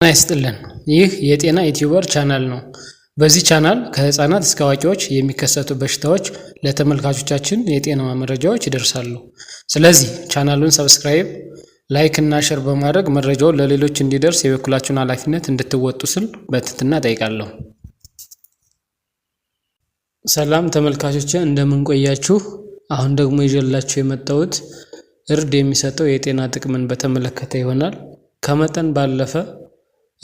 ጤና ይስጥልን። ይህ የጤና ዩቲዩበር ቻናል ነው። በዚህ ቻናል ከህፃናት እስከ አዋቂዎች የሚከሰቱ በሽታዎች ለተመልካቾቻችን የጤና መረጃዎች ይደርሳሉ። ስለዚህ ቻናሉን ሰብስክራይብ፣ ላይክ እና ሸር በማድረግ መረጃው ለሌሎች እንዲደርስ የበኩላችሁን ኃላፊነት እንድትወጡ ስል በትህትና ጠይቃለሁ። ሰላም ተመልካቾች እንደምንቆያችሁ። አሁን ደግሞ ይዤላችሁ የመጣሁት እርድ የሚሰጠው የጤና ጥቅምን በተመለከተ ይሆናል። ከመጠን ባለፈ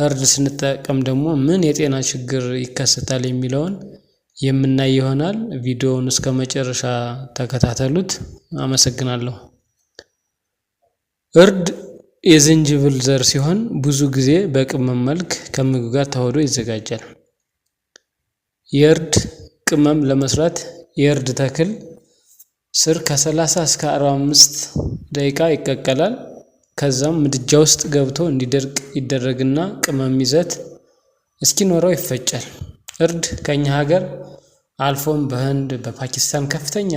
እርድ ስንጠቀም ደግሞ ምን የጤና ችግር ይከሰታል የሚለውን የምናይ ይሆናል። ቪዲዮውን እስከ መጨረሻ ተከታተሉት። አመሰግናለሁ። እርድ የዝንጅብል ዘር ሲሆን ብዙ ጊዜ በቅመም መልክ ከምግብ ጋር ተዋህዶ ይዘጋጃል። የእርድ ቅመም ለመስራት የእርድ ተክል ስር ከ30 እስከ 45 ደቂቃ ይቀቀላል። ከዛም ምድጃ ውስጥ ገብቶ እንዲደርቅ ይደረግና ቅመም ይዘት እስኪኖረው ይፈጫል። እርድ ከኛ ሀገር አልፎም በህንድ በፓኪስታን ከፍተኛ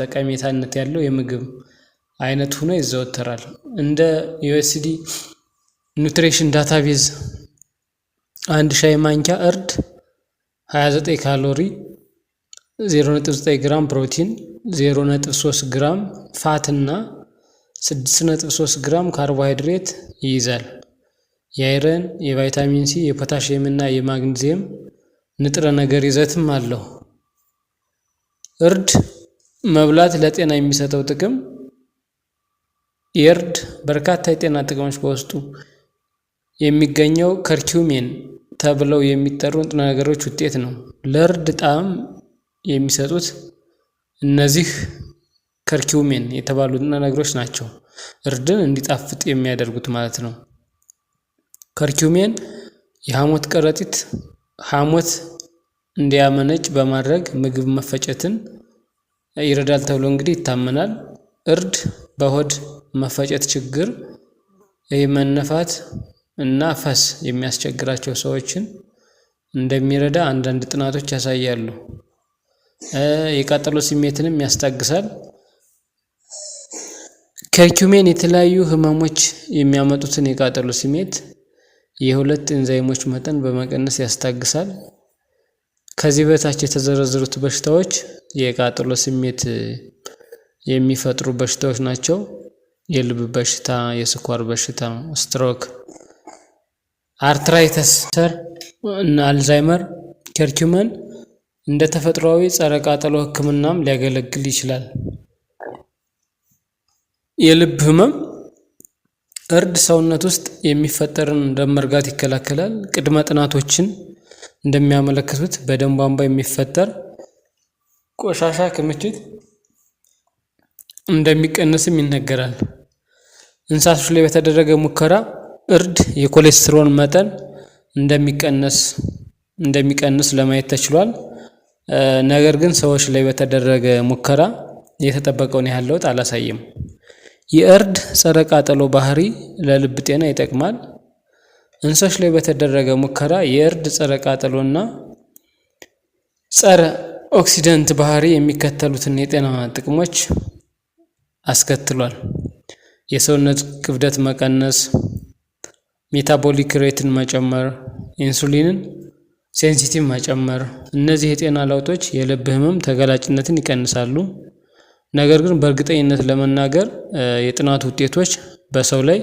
ጠቀሜታነት ያለው የምግብ አይነት ሆኖ ይዘወተራል። እንደ ዩኤስዲ ኑትሪሽን ዳታቤዝ አንድ ሻይ ማንኪያ እርድ 29 ካሎሪ፣ 0.9 ግራም ፕሮቲን፣ 0.3 ግራም ፋት እና 6.3 ግራም ካርቦሃይድሬት ይይዛል። የአይረን፣ የቫይታሚን ሲ፣ የፖታሽየም እና የማግኒዚየም ንጥረ ነገር ይዘትም አለው። እርድ መብላት ለጤና የሚሰጠው ጥቅም የእርድ በርካታ የጤና ጥቅሞች በውስጡ የሚገኘው ከርኪውሜን ተብለው የሚጠሩ ንጥረ ነገሮች ውጤት ነው። ለእርድ ጣዕም የሚሰጡት እነዚህ ከርኪውሜን የተባሉ ነገሮች ናቸው እርድን እንዲጣፍጥ የሚያደርጉት ማለት ነው። ከርኪውሜን የሐሞት ከረጢት ሐሞት እንዲያመነጭ በማድረግ ምግብ መፈጨትን ይረዳል ተብሎ እንግዲህ ይታመናል። እርድ በሆድ መፈጨት ችግር፣ መነፋት እና ፈስ የሚያስቸግራቸው ሰዎችን እንደሚረዳ አንዳንድ ጥናቶች ያሳያሉ። የቃጠሎ ስሜትንም ያስታግሳል። ከርኪሜን የተለያዩ ህመሞች የሚያመጡትን የቃጠሎ ስሜት የሁለት እንዛይሞች መጠን በመቀነስ ያስታግሳል። ከዚህ በታች የተዘረዘሩት በሽታዎች የቃጠሎ ስሜት የሚፈጥሩ በሽታዎች ናቸው። የልብ በሽታ፣ የስኳር በሽታ፣ ስትሮክ፣ አርትራይተስ፣ ሰር እና አልዛይመር። ከርኩሜን እንደ ተፈጥሯዊ ጸረ ቃጠሎ ህክምናም ሊያገለግል ይችላል። የልብ ህመም እርድ ሰውነት ውስጥ የሚፈጠርን ደም መርጋት ይከላከላል። ቅድመ ጥናቶችን እንደሚያመለክቱት በደም ቧንቧ የሚፈጠር ቆሻሻ ክምችት እንደሚቀንስም ይነገራል። እንስሳቶች ላይ በተደረገ ሙከራ እርድ የኮሌስትሮል መጠን እንደሚቀንስ እንደሚቀንስ ለማየት ተችሏል። ነገር ግን ሰዎች ላይ በተደረገ ሙከራ የተጠበቀውን ያህል ለውጥ አላሳየም። የእርድ ጸረ ቃጠሎ ባህሪ ለልብ ጤና ይጠቅማል። እንሶች ላይ በተደረገ ሙከራ የእርድ ጸረ ቃጠሎና ጸረ ኦክሲደንት ባህሪ የሚከተሉትን የጤና ጥቅሞች አስከትሏል። የሰውነት ክብደት መቀነስ፣ ሜታቦሊክ ሬትን መጨመር፣ ኢንሱሊንን ሴንሲቲቭ መጨመር። እነዚህ የጤና ለውጦች የልብ ህመም ተገላጭነትን ይቀንሳሉ። ነገር ግን በእርግጠኝነት ለመናገር የጥናት ውጤቶች በሰው ላይ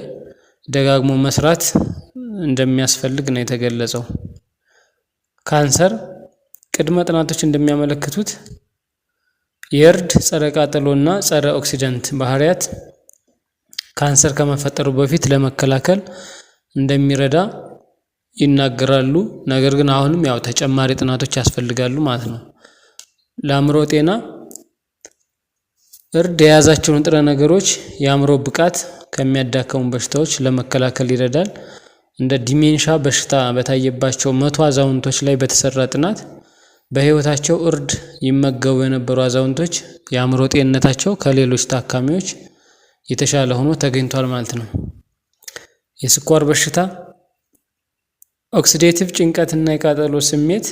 ደጋግሞ መስራት እንደሚያስፈልግ ነው የተገለጸው። ካንሰር ቅድመ ጥናቶች እንደሚያመለክቱት የእርድ ጸረ እና ጸረ ኦክሲደንት ባህሪያት ካንሰር ከመፈጠሩ በፊት ለመከላከል እንደሚረዳ ይናገራሉ። ነገር ግን አሁንም ያው ተጨማሪ ጥናቶች ያስፈልጋሉ ማለት ነው። ለአእምሮ ጤና እርድ የያዛቸው ንጥረ ነገሮች የአእምሮ ብቃት ከሚያዳከሙ በሽታዎች ለመከላከል ይረዳል። እንደ ዲሜንሻ በሽታ በታየባቸው መቶ አዛውንቶች ላይ በተሰራ ጥናት በህይወታቸው እርድ ይመገቡ የነበሩ አዛውንቶች የአእምሮ ጤንነታቸው ከሌሎች ታካሚዎች የተሻለ ሆኖ ተገኝቷል ማለት ነው። የስኳር በሽታ፣ ኦክሲዴቲቭ ጭንቀትና የቃጠሎ ስሜት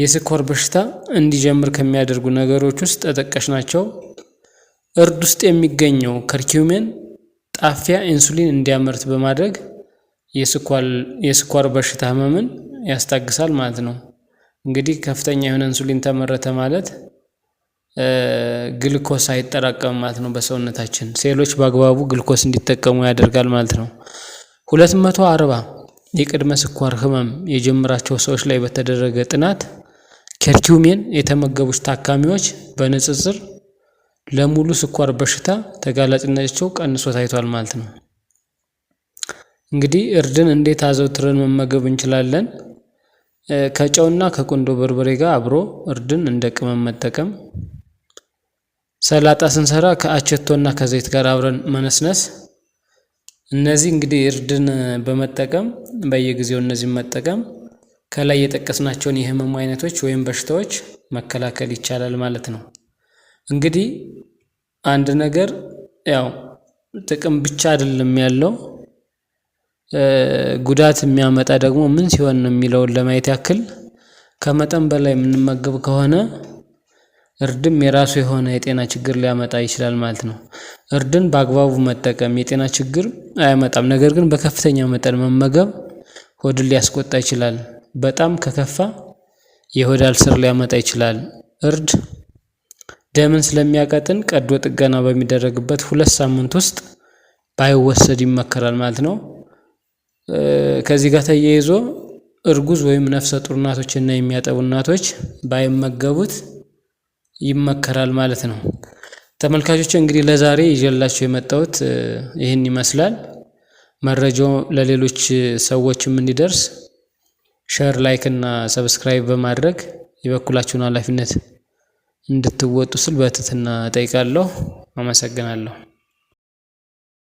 የስኳር በሽታ እንዲጀምር ከሚያደርጉ ነገሮች ውስጥ ተጠቃሽ ናቸው። እርድ ውስጥ የሚገኘው ከርኪውሜን ጣፊያ ኢንሱሊን እንዲያመርት በማድረግ የስኳር በሽታ ህመምን ያስታግሳል ማለት ነው። እንግዲህ ከፍተኛ የሆነ ኢንሱሊን ተመረተ ማለት ግልኮስ አይጠራቀም ማለት ነው። በሰውነታችን ሴሎች በአግባቡ ግልኮስ እንዲጠቀሙ ያደርጋል ማለት ነው። ሁለት መቶ አርባ የቅድመ ስኳር ህመም የጀመራቸው ሰዎች ላይ በተደረገ ጥናት ከርኪውሜን የተመገቡች ታካሚዎች በንጽጽር ለሙሉ ስኳር በሽታ ተጋላጭነታቸው ቀንሶ ታይቷል ማለት ነው። እንግዲህ እርድን እንዴት አዘውትረን መመገብ እንችላለን? ከጨውና ከቆንዶ በርበሬ ጋር አብሮ እርድን እንደ ቅመም መጠቀም፣ ሰላጣ ስንሰራ ከአቸቶና ከዘይት ጋር አብረን መነስነስ። እነዚህ እንግዲህ እርድን በመጠቀም በየጊዜው እነዚህን መጠቀም ከላይ የጠቀስናቸውን የህመሙ አይነቶች ወይም በሽታዎች መከላከል ይቻላል ማለት ነው። እንግዲህ አንድ ነገር ያው ጥቅም ብቻ አይደለም ያለው ጉዳት የሚያመጣ ደግሞ ምን ሲሆን ነው የሚለውን ለማየት ያክል ከመጠን በላይ የምንመገብ ከሆነ እርድም የራሱ የሆነ የጤና ችግር ሊያመጣ ይችላል ማለት ነው። እርድን በአግባቡ መጠቀም የጤና ችግር አያመጣም። ነገር ግን በከፍተኛ መጠን መመገብ ሆድን ሊያስቆጣ ይችላል። በጣም ከከፋ የሆድ አልሰር ሊያመጣ ይችላል። እርድ ደምን ስለሚያቀጥን ቀዶ ጥገና በሚደረግበት ሁለት ሳምንት ውስጥ ባይወሰድ ይመከራል ማለት ነው። ከዚህ ጋር ተያይዞ እርጉዝ ወይም ነፍሰ ጡር እናቶች እና የሚያጠቡ እናቶች ባይመገቡት ይመከራል ማለት ነው። ተመልካቾች እንግዲህ ለዛሬ ይዤላቸው የመጣሁት ይህን ይመስላል። መረጃው ለሌሎች ሰዎችም እንዲደርስ ሸር፣ ላይክ እና ሰብስክራይብ በማድረግ የበኩላችሁን ኃላፊነት እንድትወጡ ስል በትህትና እጠይቃለሁ። አመሰግናለሁ